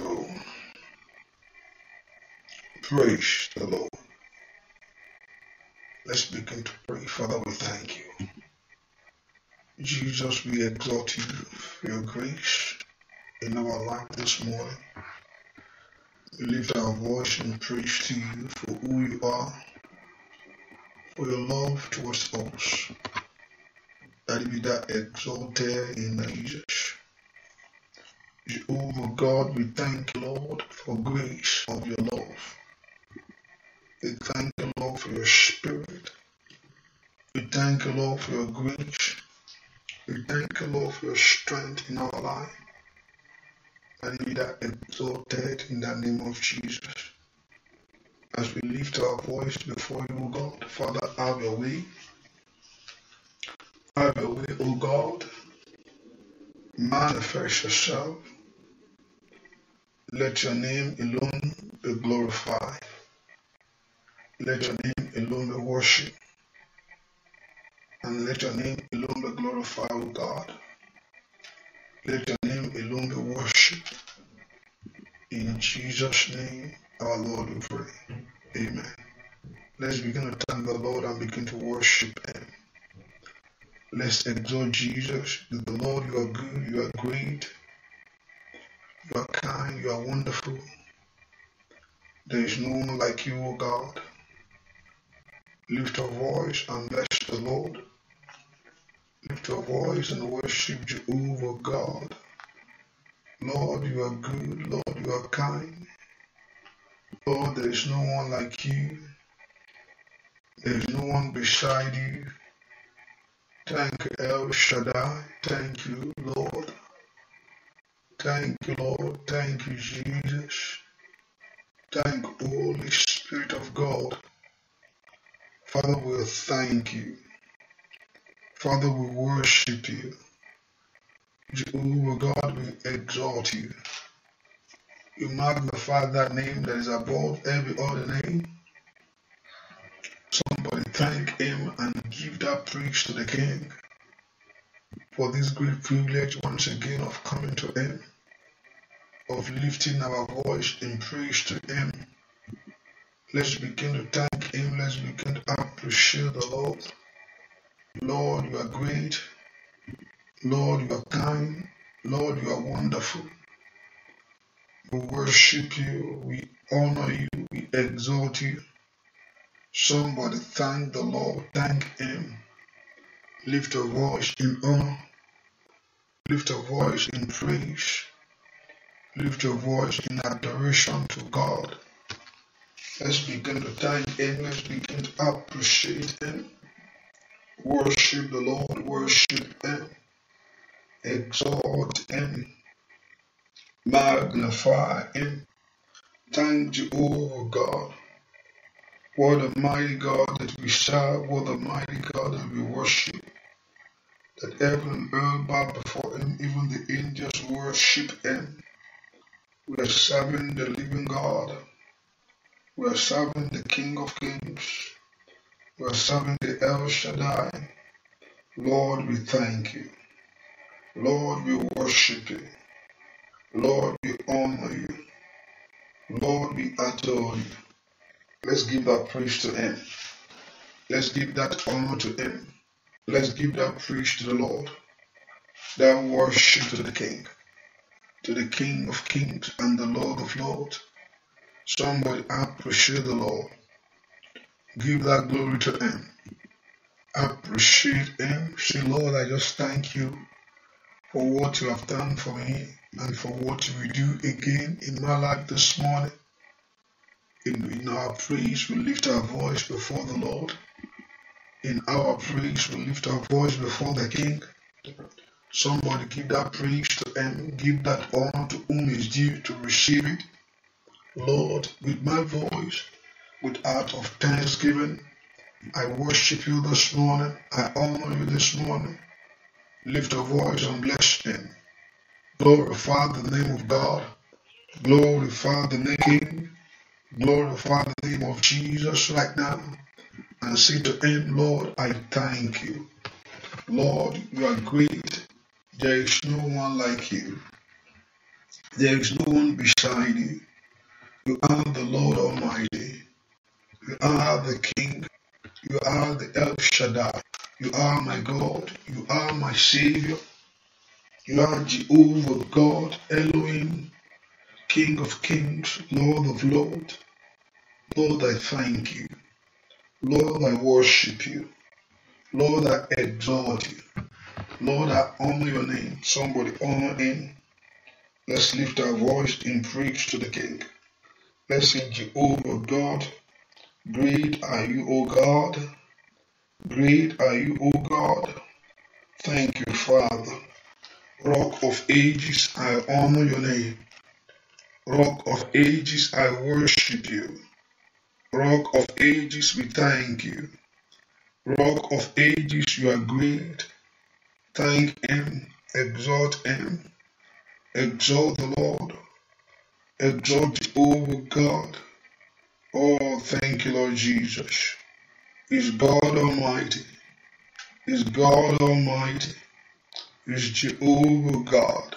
the Lord. Praise the Lord. Let's begin to pray. Father, we thank you. Jesus, we exalt you for your grace in our life this morning. We lift our voice and praise to you for who you are, for your love towards us. That be that exalted in Jesus. Over oh God, we thank you, Lord, for grace of your love. We thank you, Lord, for your spirit. We thank you, Lord, for your grace. We thank you, Lord, for your strength in our life. And we are exalted in the name of Jesus. As we lift our voice before you, God, Father, have your way. Have your way, O God. Manifest yourself let your name alone be glorified. Let your name alone be worshipped. And let your name alone be glorified, O God. Let your name alone be worshipped. In Jesus' name, our Lord, we pray. Amen. Let's begin to thank the Lord and begin to worship Him. Let's exalt Jesus. The Lord, you are good, you are great, you are kind, you are wonderful. There is no one like you, O God. Lift your voice and bless the Lord. Lift your voice and worship Jehovah God. Lord, you are good. Lord, you are kind. Lord, there is no one like you. There is no one beside you. Thank you, El Shaddai. Thank you, Lord. Thank you, Lord. Thank you, Jesus. Thank Holy Spirit of God. Father, we thank you. Father, we worship you. Jehovah God, we exalt you. You magnify that name that is above every other name. Somebody thank him and give that praise to the King for this great privilege once again of coming to him of lifting our voice in praise to Him. Let's begin to thank Him. Let's begin to appreciate the Lord. Lord, you are great. Lord, you are kind. Lord, you are wonderful. We worship you. We honor you. We exalt you. Somebody thank the Lord. Thank Him. Lift a voice in honor. Lift a voice in praise. Lift your voice in adoration to God. Let's begin to thank Him. Let's begin to appreciate Him. Worship the Lord. Worship Him. Exalt Him. Magnify Him. Thank you, Jehovah God. What a mighty God that we serve. What a mighty God that we worship. That heaven and earth bow before Him. Even the angels worship Him. We are serving the living God. We are serving the King of Kings. We are serving the El Shaddai. Lord, we thank you. Lord, we worship you. Lord, we honor you. Lord, we adore you. Let's give that praise to Him. Let's give that honor to Him. Let's give that praise to the Lord. That worship to the King to the King of Kings and the Lord of Lords. Somebody appreciate the Lord. Give that glory to Him. Appreciate Him. Say, Lord, I just thank you for what you have done for me and for what you will do again in my life this morning. In, our praise, we lift our voice before the Lord. In our praise, we lift our voice before the King. Somebody give that praise to Him, give that honor to whom is due to receive it. Lord, with my voice, with heart of thanksgiving, I worship you this morning. I honor you this morning. Lift a voice and bless Him. Glorify the name of God. Glorify the name King. Glorify the name of Jesus right now. And say to Him, Lord, I thank you. Lord, you are great there is no one like you. There is no one beside you. You are the Lord Almighty. You are the King. You are the El Shaddai. You are my God. You are my Savior. You are Jehovah God, Elohim, King of kings, Lord of lords. Lord, I thank you. Lord, I worship you. Lord, I exalt you. Lord, I honor your name. Somebody honor him. Let's lift our voice in praise to the King. Let's sing, Jehovah God, great are you, O God. Great are you, O God. Thank you, Father. Rock of ages, I honor your name. Rock of ages, I worship you. Rock of ages, we thank you. Rock of ages, you are great. Thank Him, exalt Him, exalt the Lord, exalt Over God. Oh, thank you, Lord Jesus. Is God Almighty? Is God Almighty? Is Jehovah God?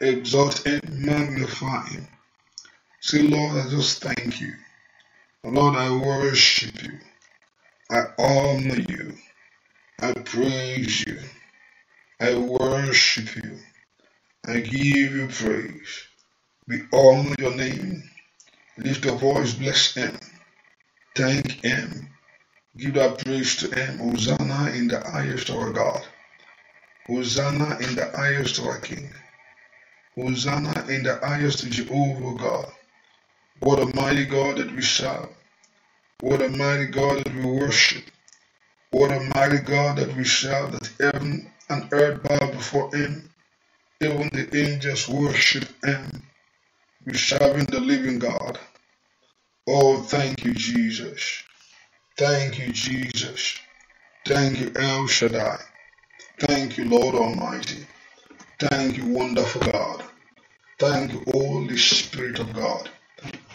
Exalt Him, magnify Him. Say, Lord, I just thank you. Lord, I worship you. I honor you. I praise you. I worship you. I give you praise. We honor your name. Lift your voice, bless him. Thank him. Give that praise to him. Hosanna in the highest our God. Hosanna in the highest our King. Hosanna in the highest Jehovah God. What a mighty God that we serve. What a mighty God that we worship. What a mighty God that we serve that heaven and earth bow before him. Even the angels worship him, We serving the living God. Oh, thank you, Jesus. Thank you, Jesus. Thank you, El Shaddai. Thank you, Lord Almighty. Thank you, wonderful God. Thank you, Holy Spirit of God.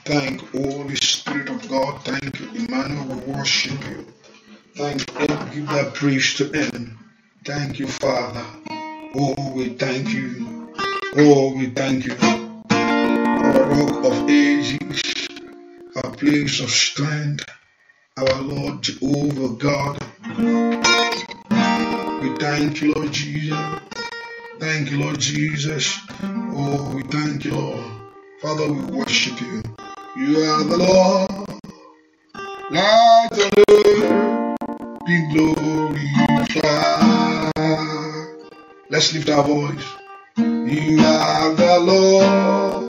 Thank Holy Spirit of God. Thank you, Emmanuel. We worship you. Thank you. Give that praise to Him. Thank you, Father. Oh, we thank you. Oh, we thank you. Our rock of ages, our place of strength, our Lord Jehovah God. We thank you, Lord Jesus. Thank you, Lord Jesus. Oh, we thank you, Lord. Father, we worship you. You are the Lord. Let the Lord be Let's lift our voice. You are the Lord.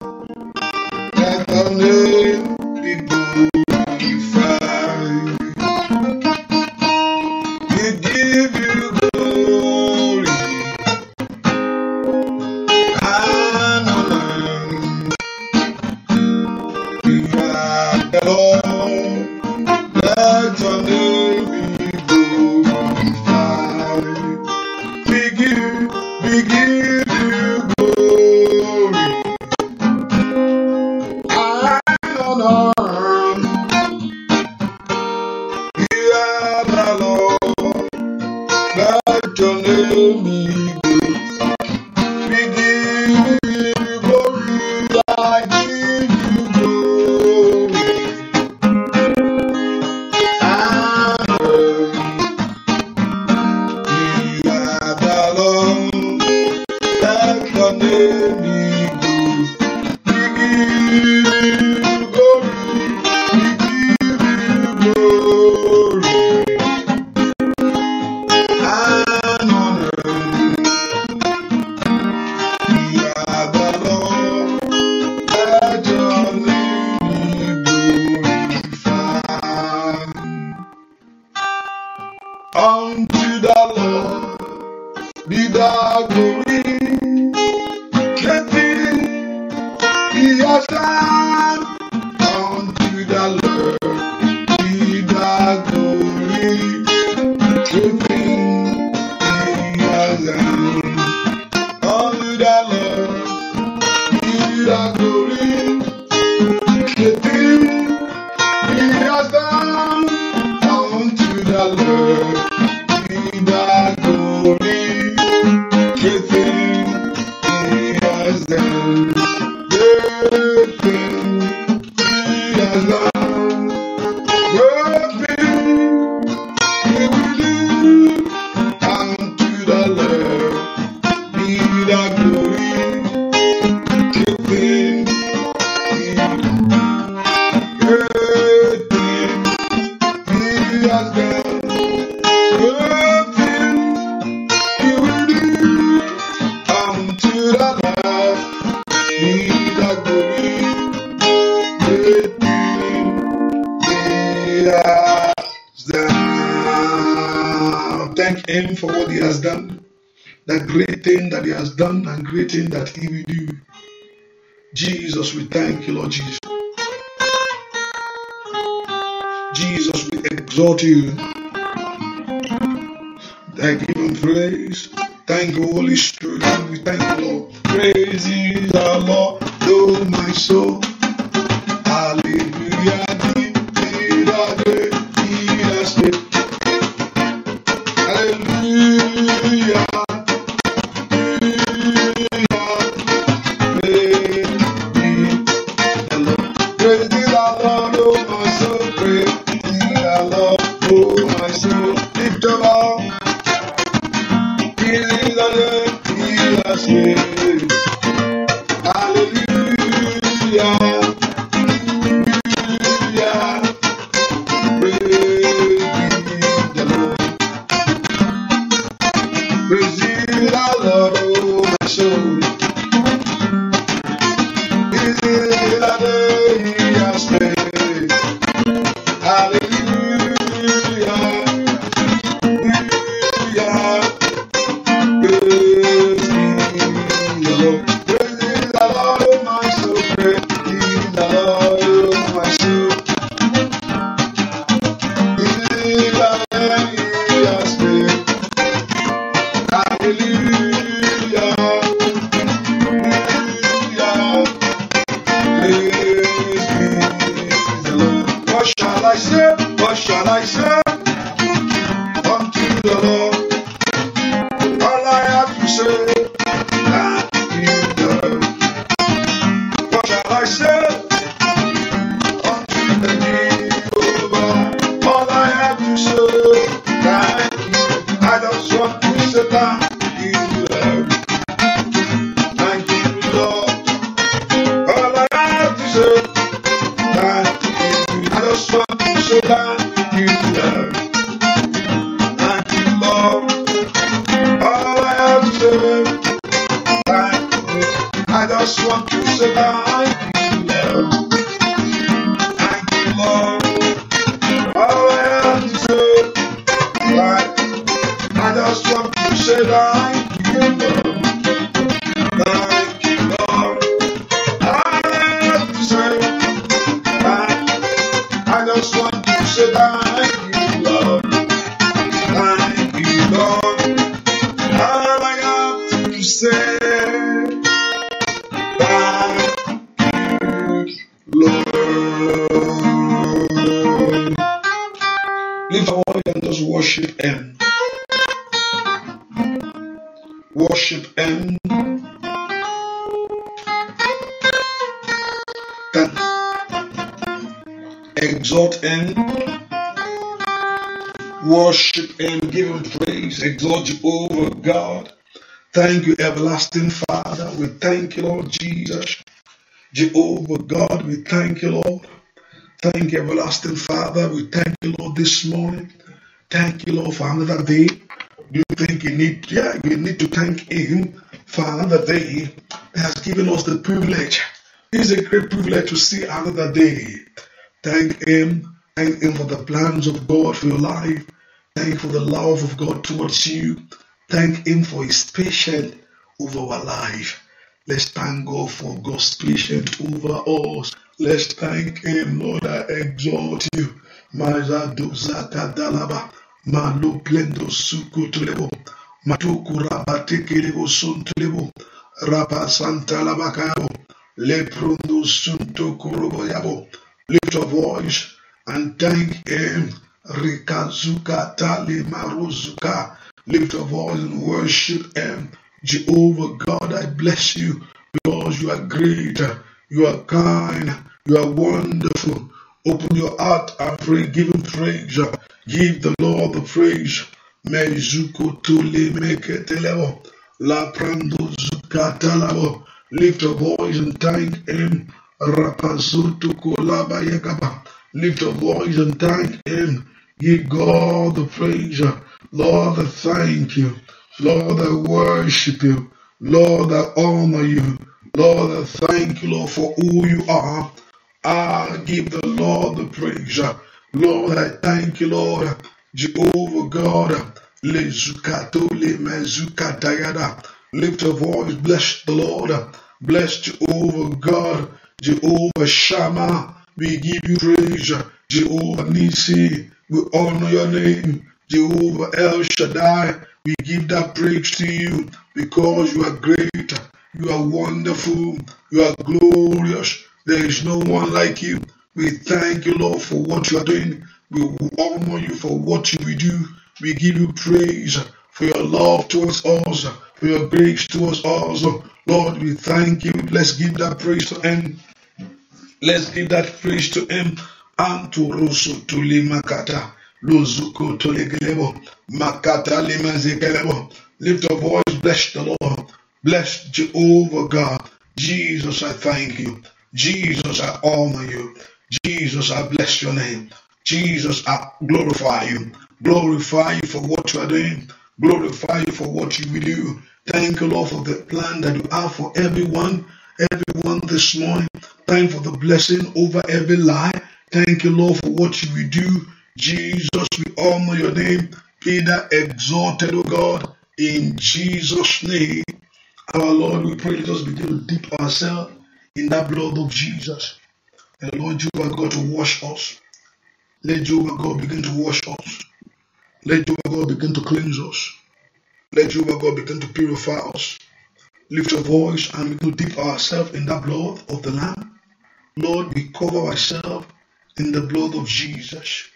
Jesus, we exhort you. I give him praise. Thank you, Holy Spirit. We thank you, Lord. Praise is our Lord, oh my soul. you so I just want to say thank give him praise, exalt you over God. Thank you, everlasting Father. We thank you, Lord Jesus. Jehovah God, we thank you, Lord. Thank you, everlasting Father. We thank you, Lord, this morning. Thank you, Lord, for another day. Do you think you need? Yeah, we need to thank Him for another day that has given us the privilege. It's a great privilege to see another day. Thank Him. Thank Him for the plans of God for your life. Thank you for the love of God towards you. Thank Him for His patience over our life. Let's thank God for God's patience over us. Let's thank Him, Lord. I exalt you. Malo plendo suku tulebo, matuku rabate kelebo sun tulebo, rapa santa labakabo, leprundo sunto kurobo yabo. Lift your voice and thank Him. Rikazuka Tali Maruzuka. Lift your voice and worship Him. Jehovah God, I bless you because you are great, you are kind, you are wonderful. Open your heart and pray, give Him praise. Give the Lord the praise. Mezuko Tuli Meketelevo. La Prando Zukatalavo. Lift your voice and thank Him. Rapazutu Kolaba Yakaba. Lift your voice and thank Him. Give God the praise. Lord, I thank you. Lord, I worship you. Lord, I honor you. Lord, I thank you, Lord, for who you are. I give the Lord the praise. Lord, I thank you, Lord. Jehovah God. Lezukato le mezukatayada. Lift your voice. Bless the Lord. Bless Jehovah God. Jehovah Shammah. We give you praise. Jehovah Nisi. We honor your name, Jehovah El Shaddai. We give that praise to you because you are great, you are wonderful, you are glorious. There is no one like you. We thank you, Lord, for what you are doing. We honor you for what you do. We give you praise for your love towards us, for your grace towards us. Lord, we thank you. Let's give that praise to Him. Let's give that praise to Him anturusu tulimakata luzuku tulegelebo makata limazegelebo. Lift your voice, bless the Lord, bless Jehovah God. Jesus, I thank you. Jesus, I honor you. Jesus, I bless your name. Jesus, I glorify you. Glorify you for what you are doing. Glorify you for what you will do. Thank you, Lord, for the plan that you have for everyone, everyone this morning. Thank for the blessing over every life. Thank you, Lord, for what you will do. Jesus, we honor your name. Be that exalted, O God, in Jesus' name. Our Lord, we pray, let us begin to dip ourselves in that blood of Jesus. And Lord, you are God to wash us. Let Jehovah God begin to wash us. Let Jehovah God begin to cleanse us. Let Jehovah God begin to purify us. Lift your voice and we will dip ourselves in that blood of the Lamb. Lord, we cover ourselves in the blood of Jesus.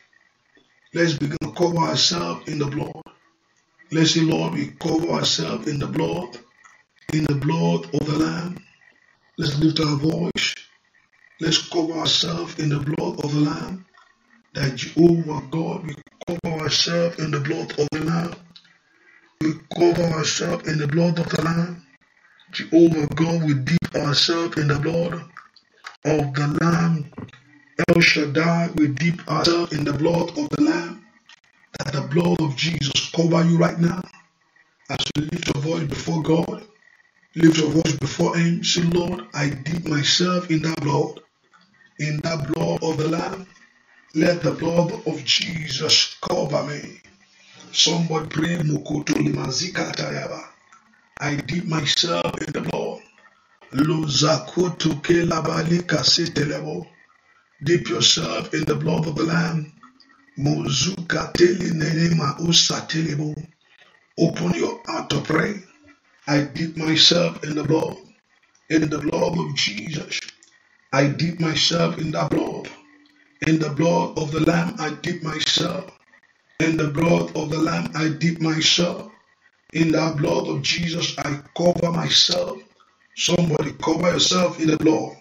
Let's begin to cover ourselves in the blood. Let's say, Lord, we cover ourselves in the blood, in the blood of the Lamb. Let's lift our voice. Let's cover ourselves in the blood of the Lamb. That Jehovah God, we cover ourselves in the blood of the Lamb. We cover ourselves in the blood of the Lamb. Jehovah God, we dip ourselves in the blood of the Lamb. El Shaddai, we dip ourselves in the blood of the Lamb. That the blood of Jesus cover you right now. As you lift your voice before God, lift your voice before Him. Say, Lord, I dip myself in that blood, in that blood of the Lamb. Let the blood of Jesus cover me. Somebody pray, Mokoto Limazika Tayaba. I dip myself in the blood. Lozakoto Kelabalika Setelebo. Dip yourself in the blood of the Lamb. Muzuka teli nenema usatelebo. Open your heart to pray. I dip myself in the blood, in the blood of Jesus. I dip myself in the blood, in the blood of the Lamb. I dip myself in the blood of the Lamb. I dip myself in the blood of Jesus. I cover myself. Somebody cover yourself in the blood.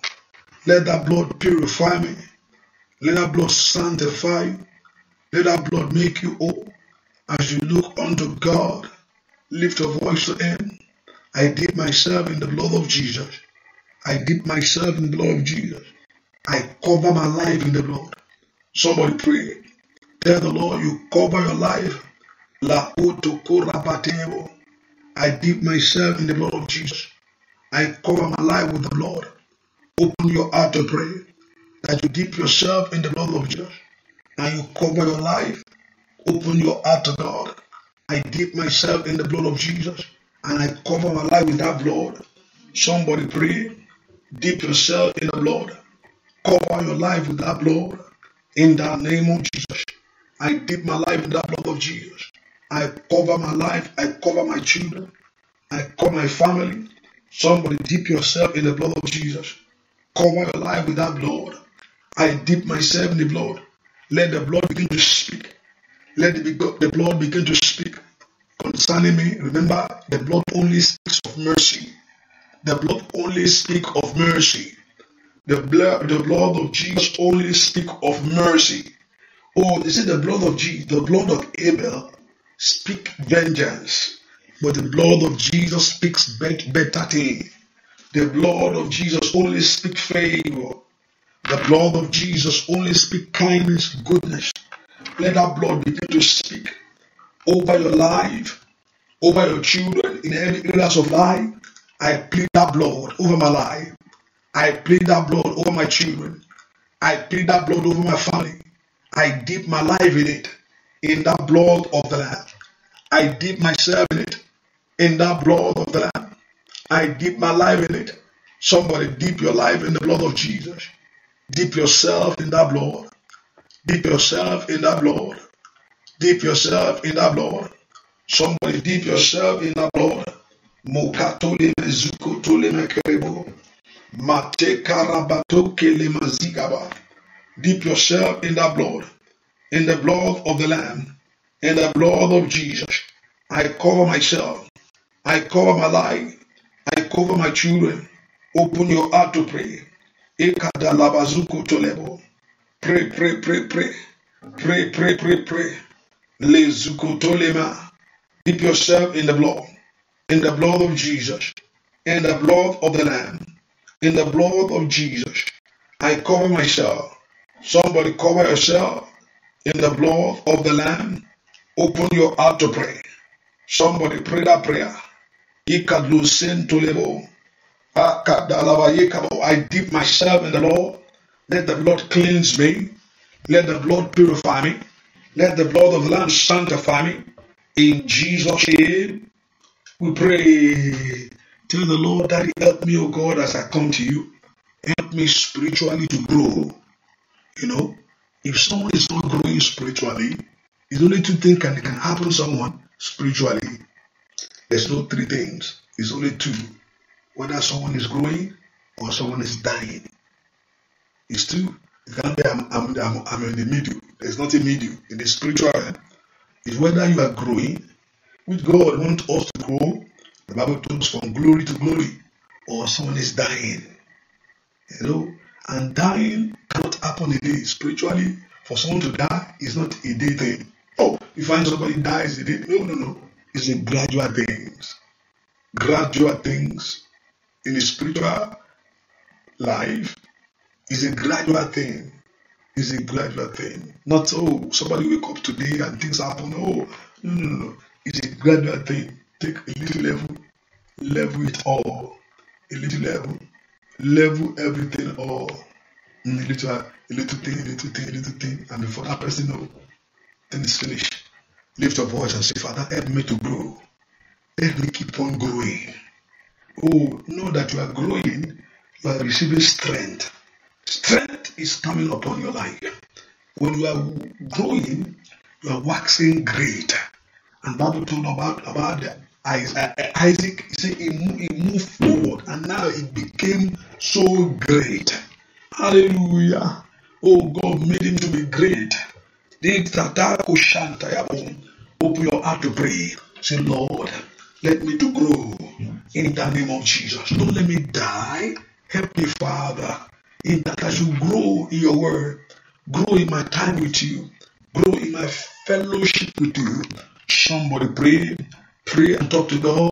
Let that blood purify me. Let that blood sanctify you. Let that blood make you whole. As you look unto God, lift your voice to Him. I dip myself in the blood of Jesus. I dip myself in the blood of Jesus. I cover my life in the blood. Somebody pray. Tell the Lord you cover your life. La I dip myself in the blood of Jesus. I cover my life with the blood. Open your heart to pray that you dip yourself in the blood of Jesus and you cover your life. Open your heart to God. I dip myself in the blood of Jesus and I cover my life with that blood. Somebody pray. Dip yourself in the blood. Cover your life with that blood. In the name of Jesus. I dip my life in the blood of Jesus. I cover my life. I cover my children. I cover my family. Somebody dip yourself in the blood of Jesus. Cover your life with that blood. I dip myself in the blood. Let the blood begin to speak. Let the blood begin to speak concerning me. Remember, the blood only speaks of mercy. The blood only speaks of mercy. The blood, the blood of Jesus only speaks of mercy. Oh, they say the blood of Jesus, the blood of Abel speak vengeance, but the blood of Jesus speaks better thing. The blood of Jesus only speaks favor. The blood of Jesus only speak kindness, goodness. Let that blood begin to speak over your life, over your children, in every areas of life. I plead that blood over my life. I plead that blood over my children. I plead that blood over my family. I dip my life in it, in that blood of the Lamb. I dip myself in it, in that blood of the Lamb. I dip my life in it. Somebody dip your life in the blood of Jesus. Dip yourself in that blood. Dip yourself in that blood. Dip yourself in that blood. Somebody dip yourself in that blood. Mokatole mezuko tole mekerebo. Mate karabato kele mazigaba. Dip yourself in that blood. In the blood of the Lamb. In the blood of Jesus. I cover myself. I cover my life. I cover my children. Open your heart to pray. Ikadalabazuko tolebo. Pray, pray, pray, pray. Pray, pray, pray, pray. Lezuko tolema. Keep yourself in the blood. In the blood of Jesus. In the blood of the Lamb. In the blood of Jesus. I cover myself. Somebody cover yourself in the blood of the Lamb. Open your heart to pray. Somebody pray that prayer. Ikadlusen tolebo. I dip myself in the Lord. Let the blood cleanse me. Let the blood purify me. Let the blood of the Lamb sanctify me. In Jesus' name, we pray. Tell the Lord that help me, O God, as I come to you. Help me spiritually to grow. You know, if someone is not growing spiritually, it's only two things can, can happen to someone spiritually. There's no three things, it's only two whether someone is growing or someone is dying. It's true. It can't be I'm, I'm, I'm, I'm in the middle. There's not a middle in the spiritual realm. It's whether you are growing, which God wants us to grow. The Bible talks from glory to glory, or someone is dying. You know, and dying cannot happen a day. Spiritually, for someone to die is not a day thing. Oh, you find somebody dies a day. No, no, no. It's a gradual things. Gradual things in the spiritual life is a gradual thing. Is a gradual thing. Not oh somebody wake up today and things happen. Oh no no no. It's a gradual thing. Take a little level, level it all. A little level, level everything all. A little, a little thing, a little thing, a little thing, and before that person know, then it's finished. Lift your voice and say, Father, help me to grow. Help me keep on growing who know that you are growing, you are receiving strength. Strength is coming upon your life. When you are growing, you are waxing greater. And Bible told about about Isaac. He said he moved, he moved forward, and now it became so great. Hallelujah! Oh God made him to be great. Open your heart to pray. Say, Lord, let me to grow in the name of Jesus. Don't let me die. Help me, Father, in that as you grow in your word, grow in my time with you, grow in my fellowship with you. Somebody pray, pray and talk to God,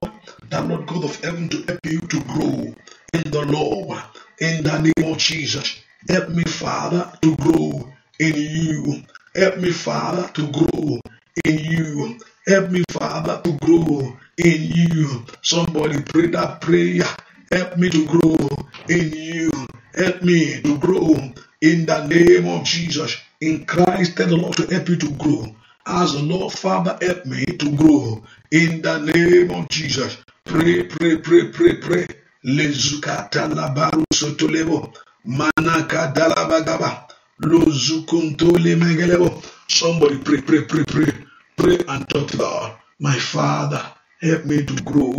that Lord God of heaven to help you to grow in the Lord, in the name of Jesus. Help me, Father, to grow in you. Help me, Father, to grow in you. Help me, Father, to grow in you. Somebody pray that prayer. Help me to grow in you. Help me to grow in the name of Jesus. In Christ, tell the Lord to help you to grow. As the Lord Father, help me to grow in the name of Jesus. Pray, pray, pray, pray, pray. Lezukata baru sotolebo. Manaka dalabagaba. Lozukuntole megelebo. Somebody pray, pray, pray, pray. Pray and talk to God. My Father, Help me to grow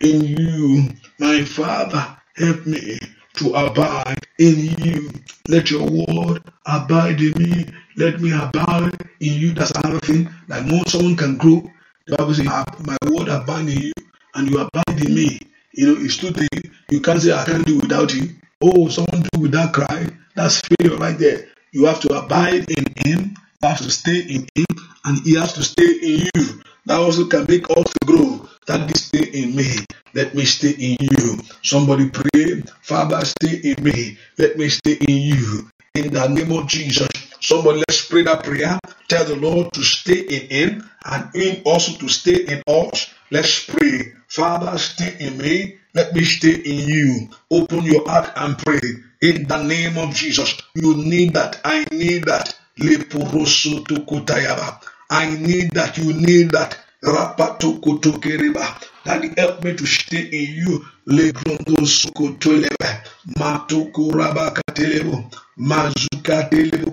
in you, my Father. Help me to abide in you. Let your word abide in me. Let me abide in you. That's another thing. Like no, someone can grow. The Bible says, My word abide in you, and you abide in me. You know, it's too deep. You can't say, I can't do without you. Oh, someone do without Christ. That's failure right there. You have to abide in Him. You have to stay in Him, and He has to stay in you. that also can make us grow. That this stay in me, let me stay in you. Somebody pray, Father, stay in me, let me stay in you. In the name of Jesus, somebody let's pray that prayer. Tell the Lord to stay in Him and Him also to stay in us. Let's pray, Father, stay in me, let me stay in you. Open your heart and pray. In the name of Jesus, you need that. I need that. I need that. You need that. Daddy, help me to stay in you. Legrondo sokotoleba. Matoko rabakatelebo.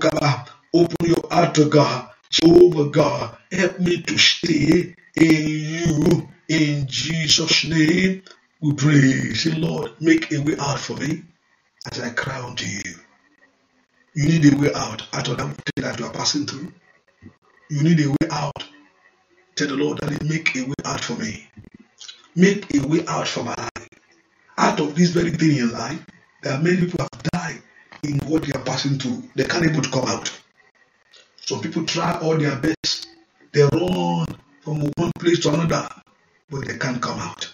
kaba. Open your heart to God. Jehovah God, help me to stay in you. In Jesus' name, we pray. Say, Lord, make a way out for me as I cry unto you. You need a way out out of that thing that you are passing through. You need a way out. Tell the Lord, Daddy, make a way out for me. Make a way out for my life. Out of this very thing in life, there are many people have died in what they are passing through. They can't able to come out. Some people try all their best. They run from one place to another, but they can't come out.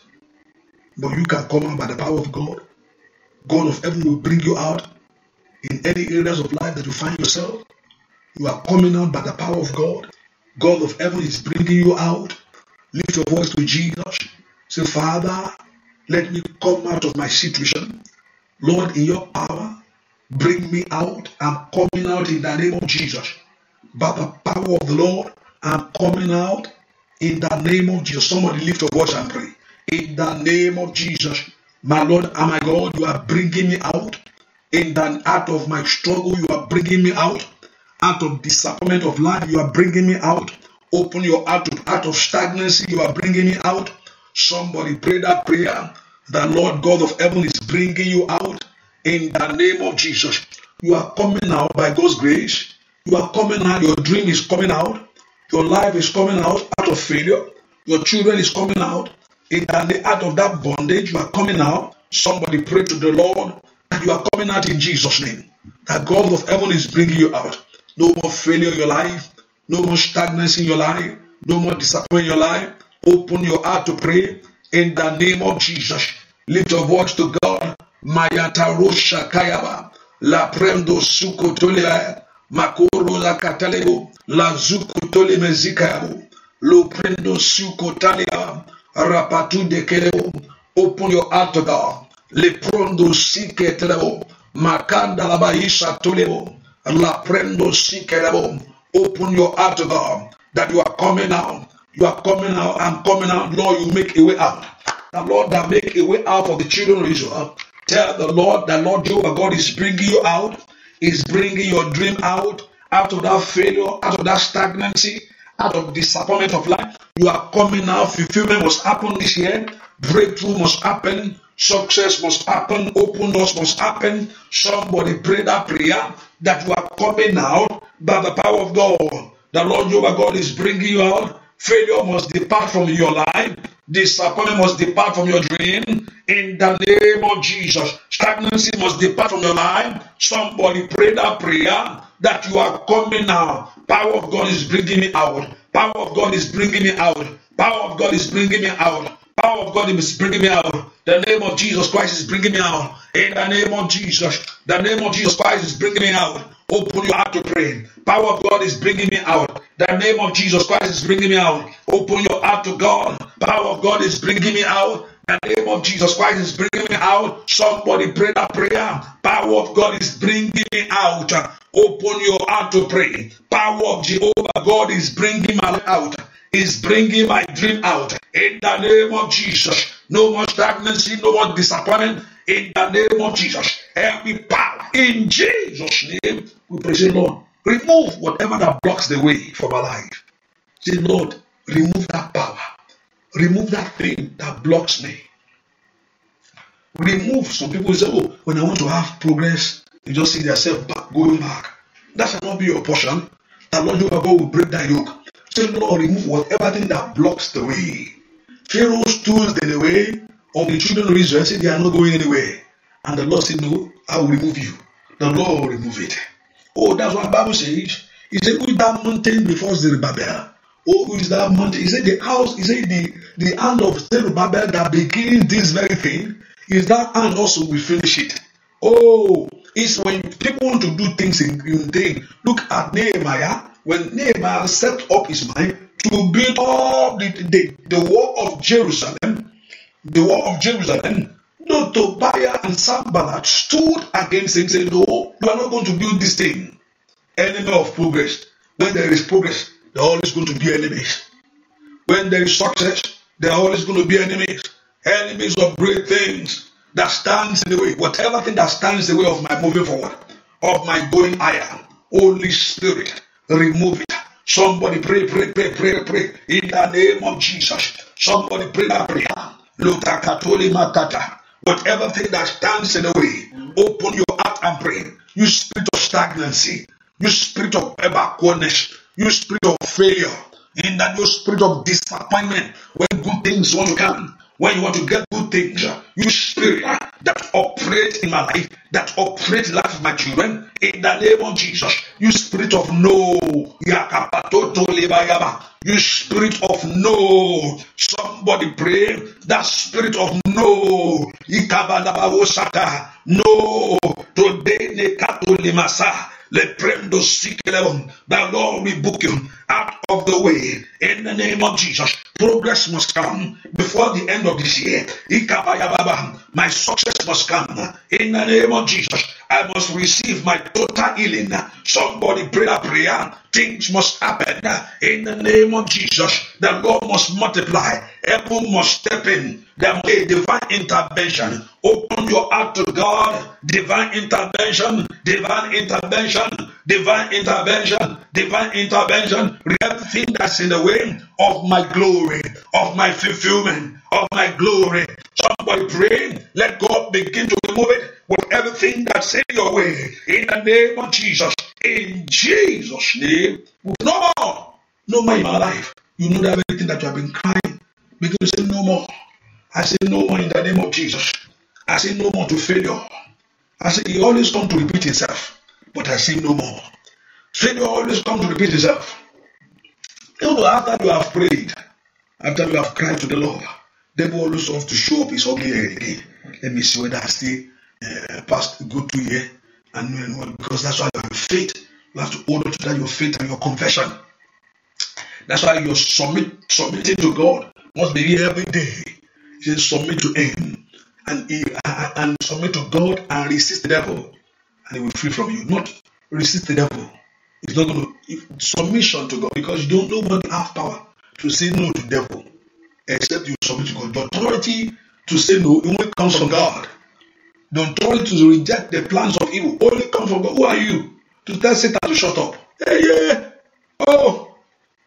But you can come out by the power of God. God of heaven will bring you out in any areas of life that you find yourself. You are coming out by the power of God. God of heaven is bringing you out. Lift your voice to Jesus. Say, Father, let me come out of my situation. Lord, in your power, bring me out. I'm coming out in the name of Jesus. By the power of the Lord, I'm coming out in the name of Jesus. Somebody lift your voice and pray. In the name of Jesus, my Lord and my God, you are bringing me out. In the out of my struggle, you are bringing me out out of disappointment of life, you are bringing me out. Open your out to out of stagnancy, you are bringing me out. Somebody pray that prayer. The Lord God of heaven is bringing you out in the name of Jesus. You are coming out by God's grace. You are coming out. Your dream is coming out. Your life is coming out out of failure. Your children is coming out. In the, out of that bondage, you are coming out. Somebody pray to the Lord that you are coming out in Jesus' name. That God of heaven is bringing you out. No more failure in your life. No more stagnancy in your life. No more disappointment in your life. Open your heart to pray in the name of Jesus. Lift your voice to God. Mayatarosha Kayaba. La prendo suko tolea. Makoro la katalego. La zuko tole mezikayabo. Lo prendo suko talea. Rapatu de kelebo. Open your heart to God. Le prendo sike telebo. Makanda la baisha tolebo. Laprendo Shikerabo. Open your heart to God that you are coming out. You are coming out. I'm coming out. Lord, you make a way out. The Lord that make a way out for the children of Israel. Tell the Lord that Lord Jehovah God is bringing you out, is bringing your dream out, out of that failure, out of that stagnancy, out of disappointment of life. You are coming out. Fulfillment must happen this year. Breakthrough must happen. Success must happen. Open doors must happen. Somebody pray that prayer. that you are coming out by the power of God. The Lord your God is bringing you out. Failure must depart from your life. Disappointment must depart from your dream. In the name of Jesus, stagnancy must depart from your life. Somebody pray that prayer that you are coming now. Power of God is bringing me out. Power of God is bringing me out. Power of God is bringing me out. Power of God is bringing me out. The name of Jesus Christ is bringing me out. In the name of Jesus. The name of Jesus Christ is bringing me out. Open your heart to pray. Power of God is bringing me out. The name of Jesus Christ is bringing me out. Open your heart to God. Power of God is bringing me out. The name of Jesus Christ is bringing me out. Somebody pray that prayer. Power of God is bringing me out. Open your heart to pray. Power of Jehovah God is bringing me out. is bringing my dream out in the name of Jesus. No more stagnancy, no more disappointment in the name of Jesus. Every power in Jesus' name, we praise the Lord. Remove whatever that blocks the way from my life. Say, Lord, remove that power. Remove that thing that blocks me. Remove some people say, Oh, when I want to have progress, you just see yourself back, going back. That shall not be your portion. The Lord your God will break that yoke. Take Lord, remove whatever thing that blocks the way. Pharaoh stood in the way of the children of Israel, said they are not going anywhere. And the Lord said, No, I will remove you. The Lord will remove it. Oh, that's what the Bible says. He said, With that mountain before Zerubbabel. Oh, who is that mountain? He said, The house, he said, the, the hand of Zerubbabel that begins this very thing, is that hand also will finish it. Oh, is when people want to do things in, in vain. Look at Nehemiah. When Nehemiah set up his mind to build up the, the, the wall of Jerusalem, the wall of Jerusalem, no, Tobiah and Sambalat stood against him saying, No, you are not going to build this thing. Enemy of progress. When there is progress, there are always going to be enemies. When there is success, there are always going to be enemies. Enemies of great things that stands in the way, whatever thing that stands in the way of my moving forward, of my going higher, Holy Spirit, remove it. Somebody pray, pray, pray, pray, pray in the name of Jesus. Somebody pray that prayer. Whatever thing that stands in the way, open your heart and pray. You spirit of stagnancy, you spirit of backwardness, you spirit of failure, in that you spirit of disappointment when good things won't come. When you want to get good things, you spirit that operate in my life, that operate life of my children, in the name of Jesus, you spirit of no, you spirit of no, somebody pray, that spirit of no, no, today, Leprendo Sikelevon. The Lord book you out of the way in the name of Jesus. Progress must come before the end of this year. My success must come in the name of Jesus. I must receive my total healing. Somebody pray a prayer. Things must happen in the name of Jesus. The Lord must multiply. Heaven must step in. There must be divine intervention. Open your heart to God. Divine intervention. Divine intervention. Divine intervention. Divine intervention. Everything that's in the way of my glory, of my fulfillment, of my glory. Somebody pray. Let God begin to remove it with everything that's in your way. In the name of Jesus. In Jesus' name. No more. No more in my life. You know that everything that you have been crying. Begin to say no more. I say no more in the name of Jesus. I say no more to failure. I say it always comes to repeat itself. But I say no more. Failure always comes to repeat itself. Even after you have prayed, after you have cried to the Lord, the devil always wants to show up his ugly head again. Let me see whether I still Eh, past good two year and know and because that's why your faith. You have to hold on to that your faith and your confession. That's why you're submit submitting to God must be here every day. He says submit to Him and he, and submit to God and resist the devil and he will flee from you. Not resist the devil. It's not going to if, submission to God because you don't know when you have power to say no to devil except you submit to God. The authority to say no it only comes from God. The authority to reject the plans of evil only come from God. Who are you to tell Satan to shut up? Hey, eh, yeah. Oh,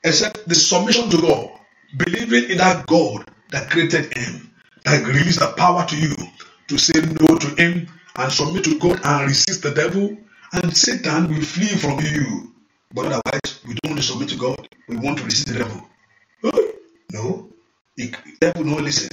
except the submission to God, believing in that God that created him, that released the power to you to say no to him and submit to God and resist the devil, and Satan will flee from you. But otherwise, we don't want to submit to God. We want to resist the devil. No, the devil will not listen.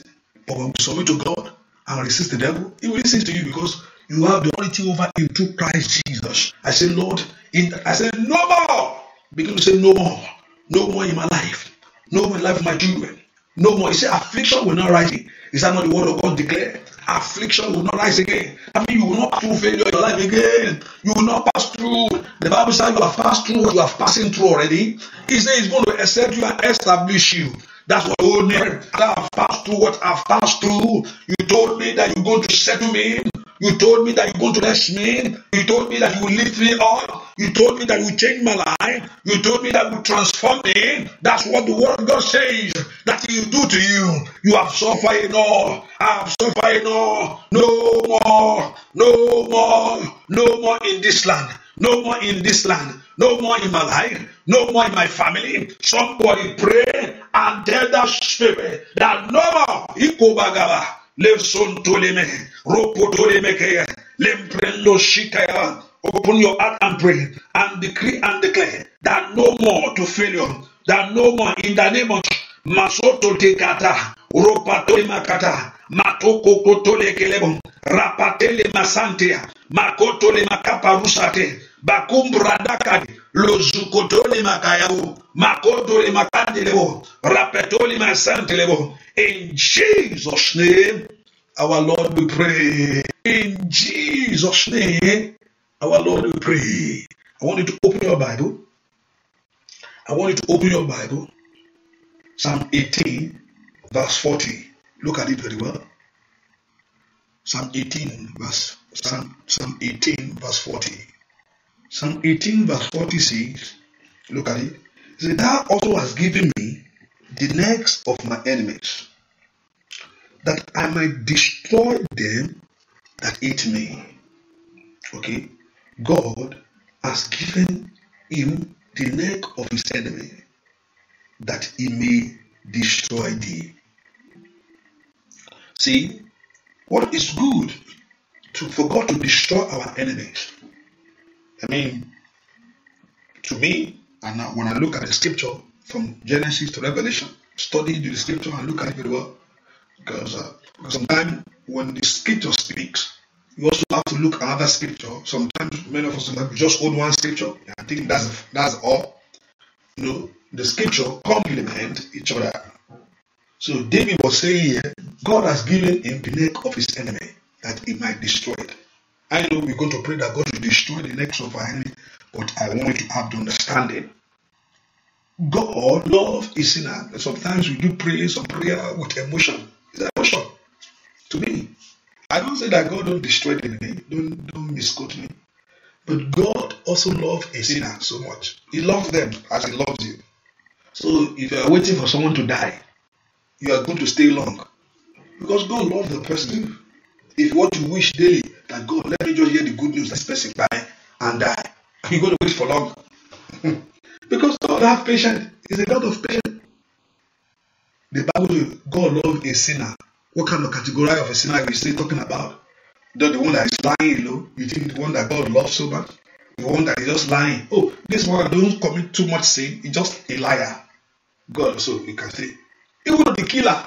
But when we submit to God, and resist the devil, he will listen to you because you have the authority over him through Christ Jesus. I say, Lord, in, I say, no more. Begin to say, no more. No more in my life. No more in the life of my children. No more. He said, affliction will not rise again. Is that not the word of God declared? Affliction will not rise again. I mean, you will not through failure in your life again. You will not pass through. The Bible says you have passed through what you have passing through already. He says he's going to accept you and establish you. That's what told me that I've passed through what I've passed through. You told me that you're going to settle me. You told me that you're going to bless me. You told me that you will lift me up. You told me that you change my life. You told me that you transform me. That's what the word of God says that you do to you. You have suffered enough. I have suffered enough. No more. No more. No more in this land. No more in this land no more in my life, no more in my family. Somebody pray and tell that spirit that no more. Ikobagaba, levson toleme, ropo tolemekeye, lemprendo shikaya. Open your heart and pray and decree and declare that no more to failure, that no more in the name of Masoto tekata, ropato makata, matoko kotole kelebon, rapatele masantia, makoto le makaparusate, bakumbradakadi lozukotole makayabo makotole makandelebo rapetole masantelebo in jesus name our lord we pray in jesus name our lord we pray i want you to open your bible i want you to open your bible psalm 18 verse 40 look at it very well psalm 18 verse psalm, psalm 18 verse 40 Psalm 18, verse 46, look at it. Say, Thou also has given me the necks of my enemies, that I might destroy them that eat me. Okay? God has given him the neck of his enemy, that he may destroy thee. See, what is good to God to destroy our enemies I mean, to me, and now when I look at the scripture from Genesis to Revelation, study the scripture and look at it very well. Because, uh, because sometimes when the scripture speaks, you also have to look at another scripture. Sometimes many of us just hold one scripture and think that's that's all. You know, the scripture complement each other. So David was saying here, God has given him the neck of his enemy that he might destroy it. I know we're going to pray that God will destroy the necks of our enemy, but I want you to have the understanding. God, love is in us. Sometimes we do pray some prayer uh, with emotion. It's emotion. To me, I don't say that God don't destroy the enemy. Don't don't misquote me. But God also loves a sinner so much. He loves them as He loves you. So if you are waiting for someone to die, you are going to stay long because God loves the person. If what you wish daily that God, let me just hear the good news that this person die and die. Are you going to wait for long? because God have patience. He's a God of patience. The Bible says God loves a sinner. What kind of category of a sinner are we still talking about? Not the one that is lying low. You think the one that God loves so much? The one that is just lying. Oh, this one don't commit too much sin. He's just a liar. God also, you can say. Even the killer.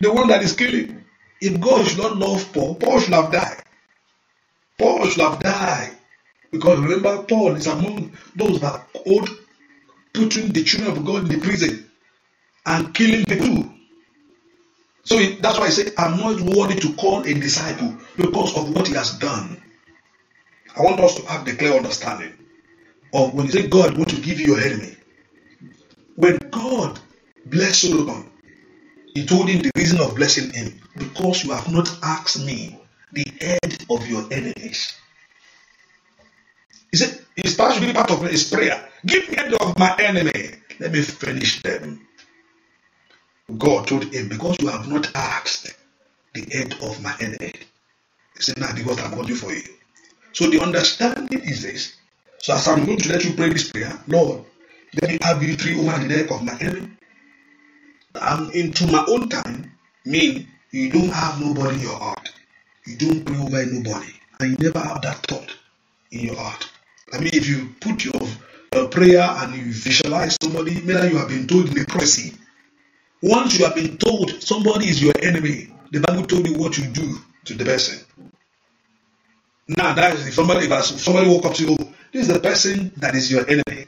The one that is killing. If God should not love Paul, Paul should have died. Paul should have died. Because remember, Paul is among those that hold putting the children of God in the prison and killing people. So it, that's why I say, I'm not worthy to call a disciple because of what he has done. I want us to have the clear understanding of when you say God want to give you your enemy. When God bless Solomon, He told him the reason of blessing him because you have not asked me, the head of your enemies. He said, his part should be part of his prayer. Give me head of my enemy. Let me finish them. God told him, because you have not asked the head of my enemy. He said, now nah, what I'm going to do for you. So the understanding is this. So as I'm going to let you pray this prayer, Lord, let me have victory over the neck of my enemy. I'm um, into my own time mean you don't have nobody in your heart. You don't pray over nobody. And you never have that thought in your heart. I mean, if you put your prayer and you visualize somebody, maybe you have been told in a prophecy. Once you have been told somebody is your enemy, the Bible told you what you do to the person. Now, that is if somebody, if somebody woke up to you, oh, this is the person that is your enemy.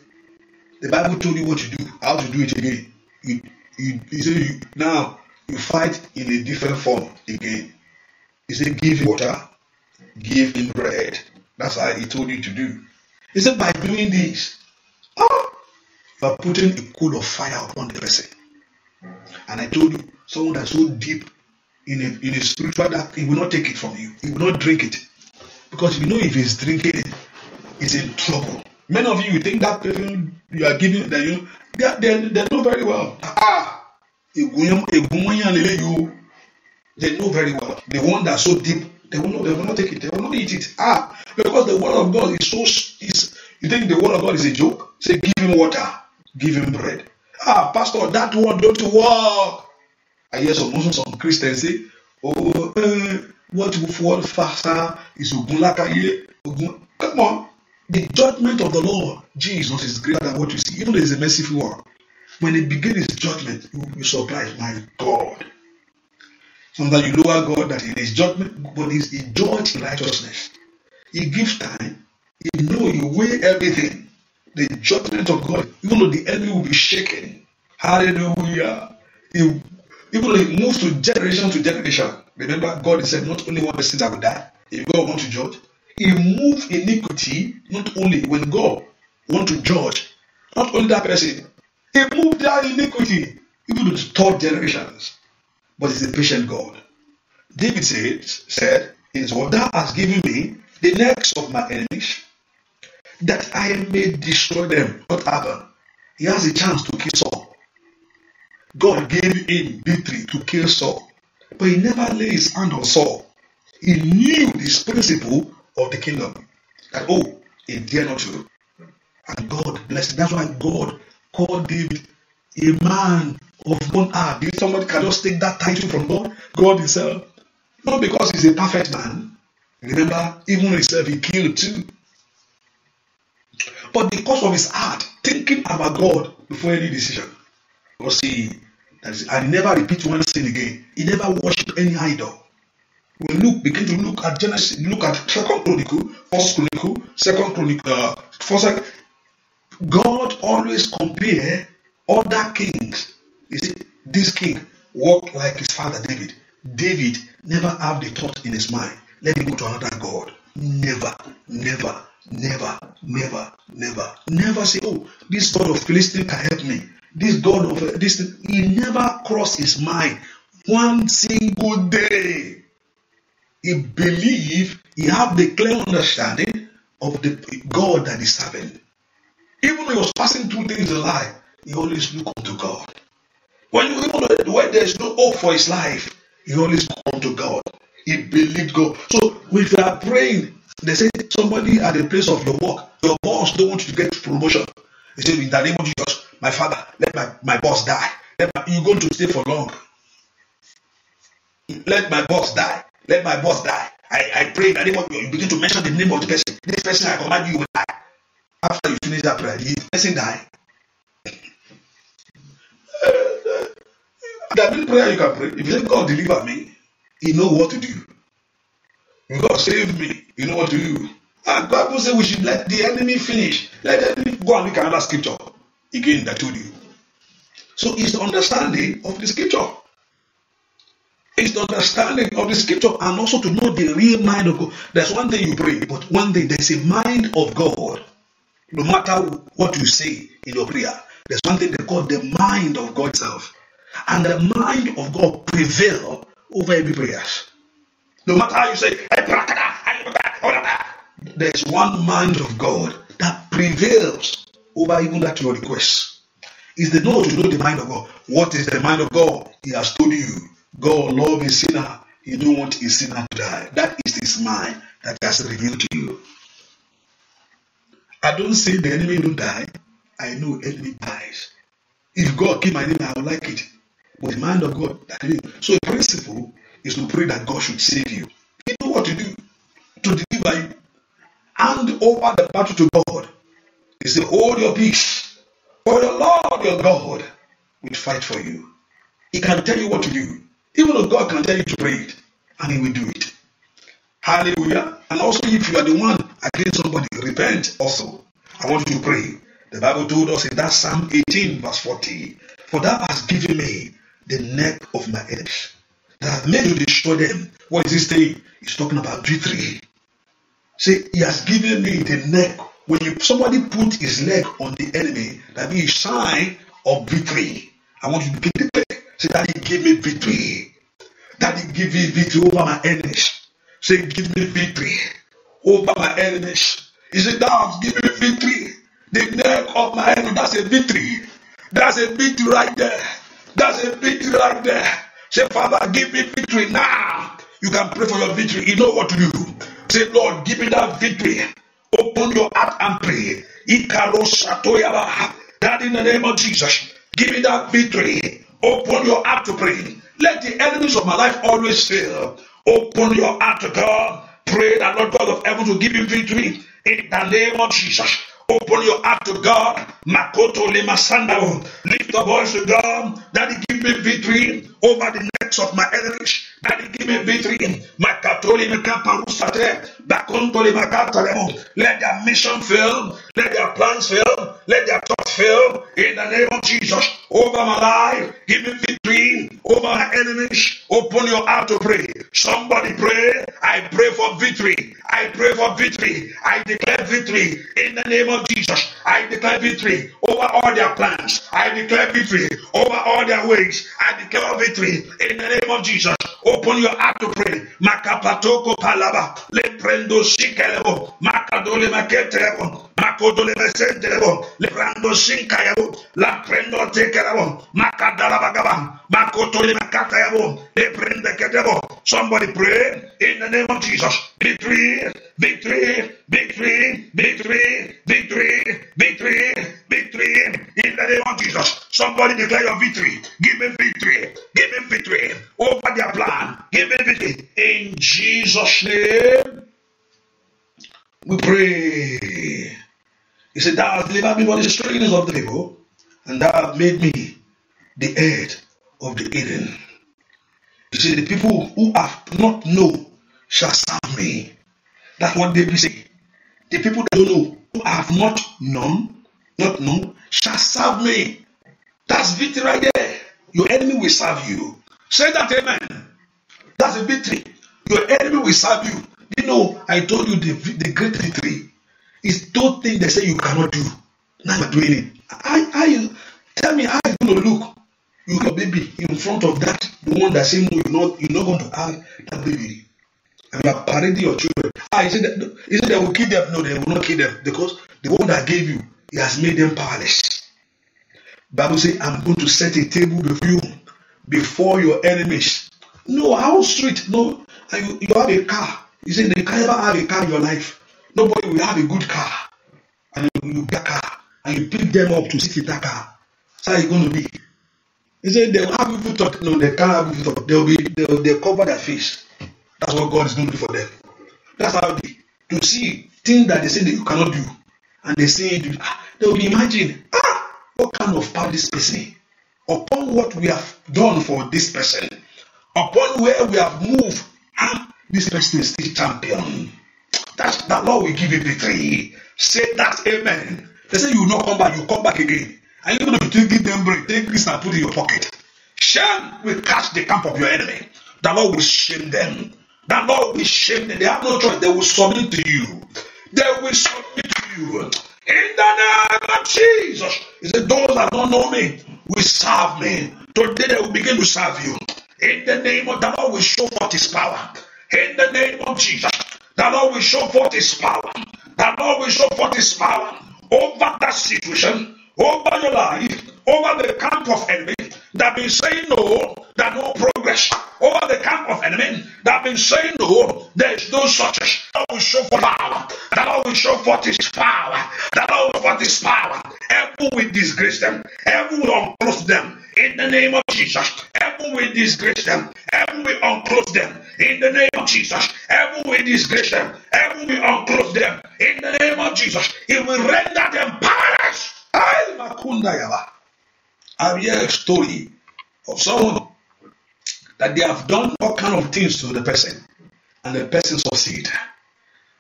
The Bible told you what you do, how to do it again. You, you, he said you now you fight in a different form again. He said, give water, give him bread. That's how he told you to do. He said, by doing this, oh, you are putting a coal of fire upon the person. And I told you, someone that's so deep in a, in a spiritual that he will not take it from you. He will not drink it. Because you know if he's drinking it, he's in trouble. Many of you, you think that person you are giving them, you, they, they, they know very well. Ah, they know very well. The one that so deep, they will not, they will not take it. They will not eat it. Ah, because the word of God is so is. You think the word of God is a joke? Say, give him water, give him bread. Ah, pastor, that one don't work. I hear some Muslims, some Christians say, oh, eh, what what faster is Ogunlakaye? Ogun, come on. The judgment of the Lord Jesus is greater than what you see, even though it's a merciful one. When he begins his judgment, you will be surprised, my God. Sometimes you lower God that in his judgment, but he's he judges righteousness. He gives time. He knows you weigh everything. The judgment of God, even though the enemy will be shaken. Hallelujah. He, even though he moves to generation to generation. Remember, God said, Not only one person that will die, if God wants to judge, He moved iniquity not only when God want to judge, not only that person. He moved that iniquity even to third generations. But it's a patient God. David said, said in his word, Thou hast given me the necks of my enemies, that I may destroy them. What happened? He has a chance to kill Saul. God gave him victory to kill Saul, but he never laid his hand on Saul. He knew this principle of the kingdom. That, oh, a dear not you. And God blessed. That's why God called David a man of one heart. Did somebody can just take that title from God? God Himself. Not because He's a perfect man. Remember, even Himself, He killed too. But because of His heart, thinking about God before any decision. Because He, and I never repeat one sin again. He never worship any idol. we look begin to look at Genesis, look at Second Chronicle, First Chronicle, Second Chronicle, uh, First. God always compare other kings. You see, this king walked like his father David. David never have the thought in his mind. Let me go to another God. Never, never, never, never, never, never say, "Oh, this God of Philistine can help me." This God of uh, this, he never crossed his mind one single day. he believe he have the clear understanding of the God that he's serving. Even when he was passing through things in life, he always look unto God. When you even when there's no hope for his life, he always looked unto God. He believed God. So if you are praying, they say somebody at the place of your work, your boss don't want you to get promotion. He said, in the name of Jesus, my father, let my, my boss die. Let my, you're going to stay for long. Let my boss die. Let my boss die. I, I pray in the name of you. You begin to mention the name of the person. This person I command you will die. After you finish that prayer, the person die. there are many prayers you can pray. If you say God deliver me, He know what to do. God save me, He know what to do. And will say we should let the enemy finish. Let the enemy go and look another scripture. Again, I told you. So it's the understanding of the scripture. It's the understanding of the scripture and also to know the real mind of God. There's one thing you pray, but one thing there's a mind of God. No matter what you say in your prayer, there's one thing they call the mind of God itself. And the mind of God prevail over every prayer. No matter how you say, there's one mind of God that prevails over even that your request. Is the know to know the mind of God. What is the mind of God? He has told you. God love a sinner. He don't want a sinner to die. That is his mind that has revealed to you. I don't say the enemy will die. I know enemy dies. If God keep my name, I will like it. But the mind of God, that is. So the principle is to pray that God should save you. He know what to do to deliver you. Hand over the battle to God. He said, Hold your peace. For the Lord your God will fight for you. He can tell you what to do. Even though God can tell you to read, and He will do it. Hallelujah. And also, if you are the one against somebody, repent also. I want you to pray. The Bible told us in that Psalm 18, verse 40, For thou hast given me the neck of my enemies, that hath made you destroy them. What is this thing? He's talking about victory. Say, He has given me the neck. When you, somebody put his leg on the enemy, that be a sign of victory. I want you to begin to pray. Say, Daddy, give me victory. Daddy, give me victory over my enemies. Say, give me victory over my enemies. He said, Thou give me victory. The neck of my enemy, that's a victory. That's a victory right there. That's a victory right there. Say, Father, give me victory now. You can pray for your victory. You know what to do. Say, Lord, give me that victory. Open your heart and pray. satoyaba. That in the name of Jesus, give me that victory. Open your heart to pray. Let the enemies of my life always fail. Open your heart to God. Pray that Lord God of heaven will give you victory in the name of Jesus. Open your heart to God. Makoto Lift the voice to God that He give me victory over the necks of my enemies. Daddy, give me victory. My Back Let their mission fail. Let their plans fail. Let their thoughts fail. In the name of Jesus, over my life, give me victory. Over my enemies, open your heart to pray. Somebody pray. I pray for victory. I pray for victory. I declare victory in the name of Jesus. I declare victory over all their plans. I declare victory over all their ways. I declare victory victory in the name of Jesus. Open your heart to pray. Makapatoko palaba. Leprendo shikelebo. Makadole maketelebo makoto lebese delebo lebrando shinka yabo la prendo tekerabo makadala bagaba makoto le makata yabo lebrende kedebo somebody pray in the name of Jesus victory victory victory victory victory victory victory in the name of Jesus somebody declare your victory give me victory give me victory over their plan give me victory in Jesus name we pray He said, Thou hast delivered me from the strangers of the people, and thou hast made me the head of the Eden. He said, The people who have not known shall serve me. That's what David said. The people that don't know, who have not known, not known, shall serve me. That's victory right there. Your enemy will serve you. Say that amen. That's a victory. Your enemy will serve you. You know, I told you the, the great victory It's those things they say you cannot do. Now you're doing it. I, I, tell me how you gonna look you your baby in front of that the one that say no you not you not going to have that baby and you are parading your children ah he say that he say they will kill them no they will not kill them because the one that gave you he has made them powerless bible say i'm going to set a table before you before your enemies no how sweet no and you you have a car you say they can never have a car in your life Nobody will have a good car. And you, you get a car. And you pick them up to sit in that car. So how it's gonna be. He said they will have people talk. No, they can't have people talk. will be They will. They cover their face. That's what God is going do for them. That's how they to see things that they say that you cannot do. And they say ah, they will be imagine, ah, what kind of power this person upon what we have done for this person, upon where we have moved, ah, this person is still champion. That the Lord will give you victory. Say that, Amen. They say you will not come back, you come back again. And even if you take them break, take this and put it in your pocket. Shame will catch the camp of your enemy. The Lord will shame them. The Lord will shame them. They have no choice. They will submit to you. They will submit to you. In the name of Jesus. He said, Those that don't know me will serve me. Today they will begin to serve you. In the name of the Lord we show forth his power. In the name of Jesus. The Lord will show forth His power. The Lord will show forth His power over that situation, over your life, over the camp of enemy that been saying no, that no progress. Over the camp of enemy that been saying no, there is no success. That will show forth power. That Lord will show forth His power. That Lord will show forth His power. Every will disgrace them. Every will unclose them in the name of Jesus. Heaven will disgrace them. Heaven will unclose them in the name of Jesus. Heaven will disgrace them. Heaven will unclose them in the name of Jesus. He will render them powerless. I have heard a story of someone that they have done all kind of things to the person, and the person succeed.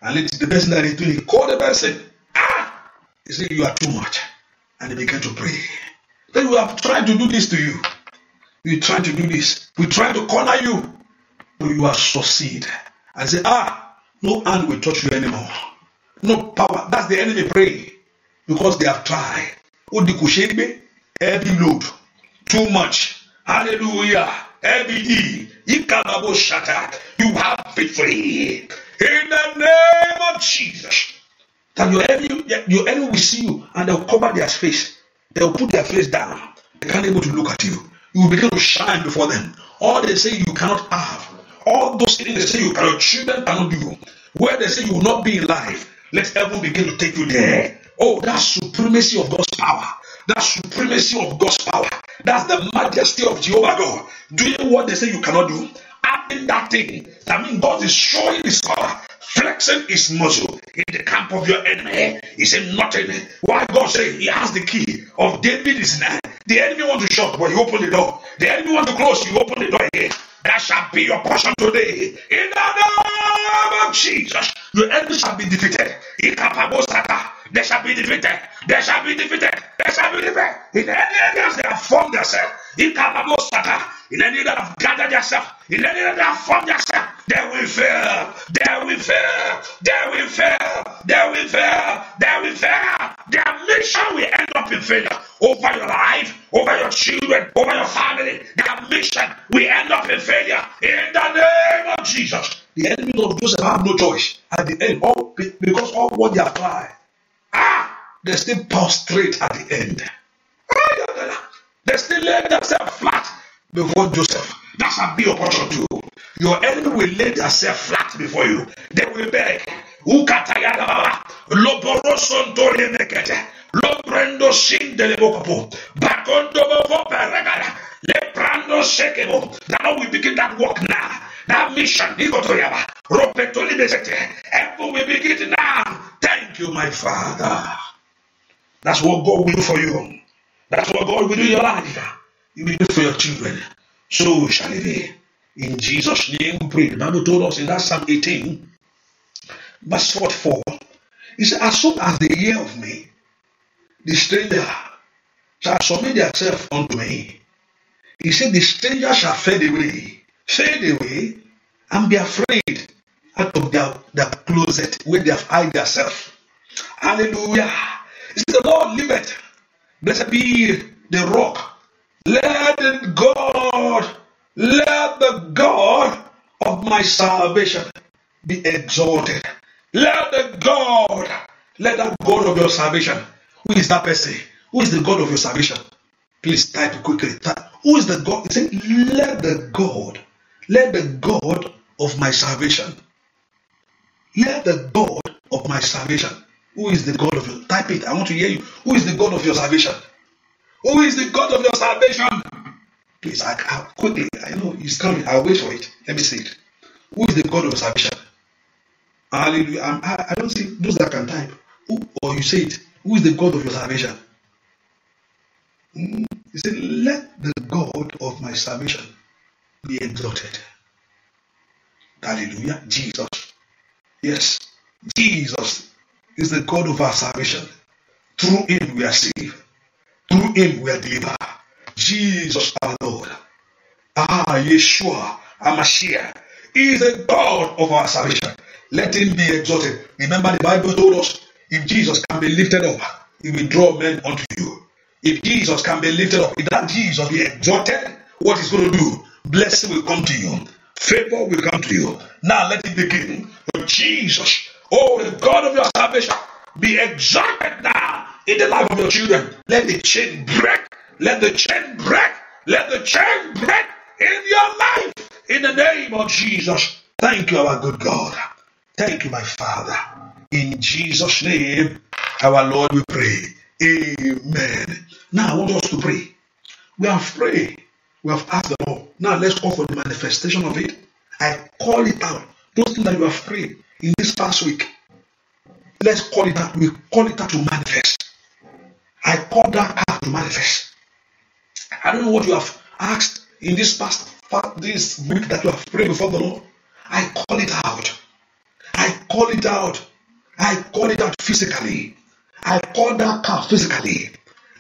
And it's the person that is doing Called Call the person. Ah, he said, "You are too much," and they began to pray. They we have tried to do this to you. We try to do this. We try to corner you. But you have succeeded. I say, ah, no hand will touch you anymore. No power. That's the enemy praying. Because they have tried. Odikushegbe, heavy load. Too much. Hallelujah. Heavy deed. Ikalabo shatak. You have victory. In the name of Jesus. That your enemy, your enemy will see you and they'll cover their face. They will put their face down. They can't able to look at you. You will begin to shine before them. All they say you cannot have. All those things they say you cannot, children cannot do. Where they say you will not be in life, let heaven begin to take you there. Oh, that supremacy of God's power. That supremacy of God's power. That's the majesty of Jehovah God. Doing what they say you cannot do. Having that thing. That means God is showing his power. flexing his muscle in the camp of your enemy. He said nothing. Why God said he has the key of David is now. The enemy want to shut, but you open the door. The enemy want to close, you open the door again. That shall be your portion today. In the name of Jesus, your enemy shall be defeated. They shall be defeated. They shall be defeated. They shall be defeated. In any areas they have formed themselves, in Kababostata, in any that have gathered themselves, in any that have formed themselves, they will fail. They will fail. They will fail. They will fail. They will fail. Their mission will end up in failure over your life, over your children, over your family. Their mission will end up in failure in the name of Jesus. The enemies of Joseph have no choice at the end, all because all what they have tried Ah, they still prostrate at the end. Ah, they still lay themselves flat before Joseph. That shall be your portion too. Your enemy will lay themselves flat before you. They will beg. Now we begin that work now. That mission, heaven will begin now. Thank you, my Father. That's what God will do for you. That's what God will do in your life. He will do for your children. So shall it be. In Jesus' name we pray. The Bible told us in that Psalm 18, verse 44, He said, As soon as they hear of me, the stranger shall submit themselves unto me. He said, The stranger shall fade away fade away and be afraid out of their, their closet where they have hide themselves. Hallelujah. It is the Lord liveth. Blessed be the rock. Let the God, let the God of my salvation be exalted. Let the God, let that God of your salvation. Who is that person? Who is the God of your salvation? Please type quickly. Who is the God? He said, Let the God Let the God of my salvation, let the God of my salvation, who is the God of your, type it, I want to hear you. Who is the God of your salvation? Who is the God of your salvation? Please, I, I, quickly, I know he's coming, I'll wait for it. Let me see it. Who is the God of salvation? Hallelujah. I, I don't see those that can type. Who, or you say it, who is the God of your salvation? Hmm, he said, Let the God of my salvation be exalted. Hallelujah. Jesus. Yes. Jesus is the God of our salvation. Through him we are saved. Through him we are delivered. Jesus our Lord. Ah, Yeshua, Amashia. He is the God of our salvation. Let him be exalted. Remember the Bible told us, if Jesus can be lifted up, he will draw men unto you. If Jesus can be lifted up, if that Jesus be exalted, what is going to do? Blessing will come to you. Favor will come to you. Now let it begin. Oh, Jesus, oh, the God of your salvation, be exalted now in the life of your children. Let the chain break. Let the chain break. Let the chain break in your life in the name of Jesus. Thank you, our good God. Thank you, my Father. In Jesus' name, our Lord, we pray. Amen. Now, I want us to pray. We have prayed. We have asked now let's call for the manifestation of it. I call it out. Those things that you have prayed in this past week, let's call it out. We call it out to manifest. I call that out to manifest. I don't know what you have asked in this past this week that you have prayed before the Lord. I call it out. I call it out. I call it out physically. I call that car physically.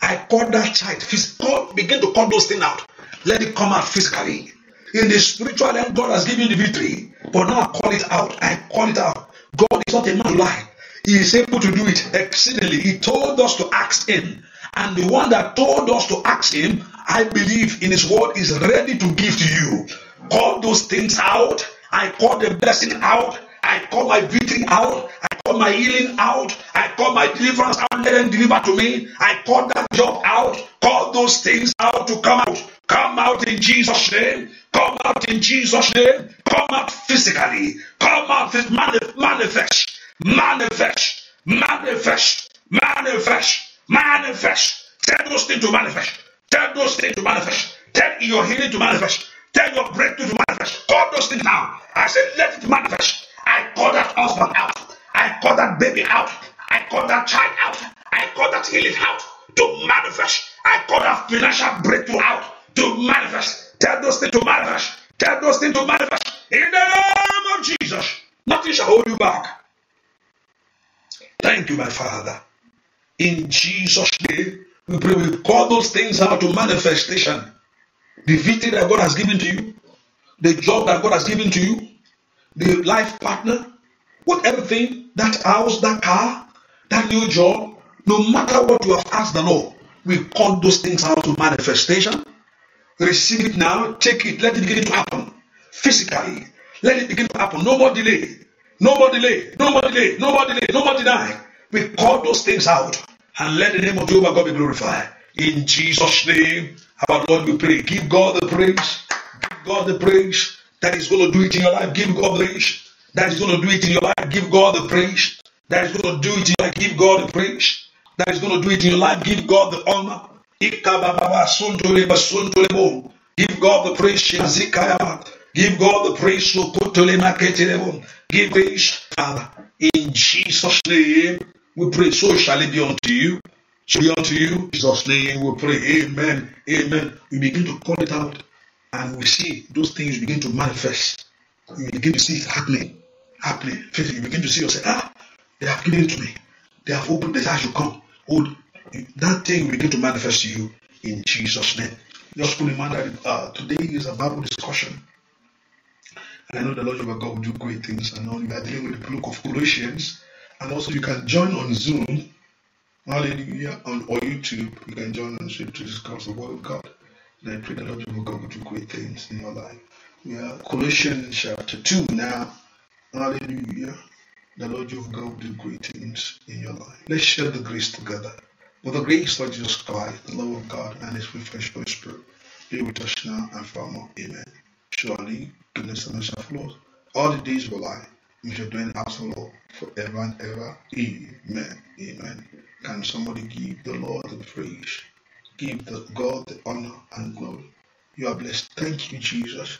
I call that child. physically. begin to call those things out. Let it come out physically. In the spiritual realm, God has given you the victory. But now I call it out. I call it out. God is not a man to lie. He is able to do it exceedingly. He told us to ask Him. And the one that told us to ask Him, I believe in His word, is ready to give to you. Call those things out. I call the blessing out. I call my victory out. I call my healing out. I call my deliverance out. Let them deliver to me. I call that job out. Call those things out to come out. Come out in Jesus' name. Come out in Jesus' name. Come out physically. Come out, manifest, manifest, manifest, manifest, manifest, manifest. Tell those things to manifest. Tell those things to manifest. Tell your healing to manifest. Tell your breakthrough to manifest. Call those things now. I said, let it manifest. I call that husband out. I call that baby out. I call that child out. I call that healing out to manifest. I call that financial breakthrough out to manifest. Tell those things to manifest. Tell those things to manifest. In the name of Jesus, nothing shall hold you back. Thank you, my Father. In Jesus' name, we pray we call those things out to manifestation. The victory that God has given to you, the job that God has given to you, the life partner, whatever thing, that house, that car, that new job, no matter what you have asked the Lord, we call those things out to manifestation Receive it now. Take it. Let it begin to happen. Physically. Let it begin to happen. No more delay. No more delay. No more delay. No more delay. No more deny. We call those things out. And let the name of Jehovah God be glorified. In Jesus' name, our Lord, we pray. Give God the praise. Give God the praise that is going to do it in your life. Give God the praise that is going to do it in your life. Give God the praise that is going to do it in your life. Give God the praise that is going to do it in your life. Give God the honor Give God the praise. Give God the praise. Give praise, Father. In Jesus' name, we pray. So shall it be unto you. So be unto you. Jesus' name, we pray. Amen. Amen. We begin to call it out, and we see those things begin to manifest. You begin to see it happening, happening. You begin to see yourself. Ah, they have given to me. They have opened the door. to come. Oh, That thing begin to manifest to you in Jesus' name. Just put in mind that uh, today is a Bible discussion. And I know the Lord your God will do great things. I know you are dealing with the book of Colossians. And also, you can join on Zoom, hallelujah, on, or YouTube. You can join on Zoom to discuss the Word of God. And I pray the Lord your God will do great things in your life. We are Colossians chapter 2 now. Hallelujah. The Lord your God will do great things in your life. Let's share the grace together. For the grace of Jesus Christ, the love of God, and His refreshed Holy Spirit be with us now and forevermore. Amen. Surely, goodness and mercy of follow all the days of our life. We shall dwell in the house of the Lord forever and ever. Amen. Amen. Can somebody give the Lord the praise? Give the God the honor and glory. You are blessed. Thank you, Jesus.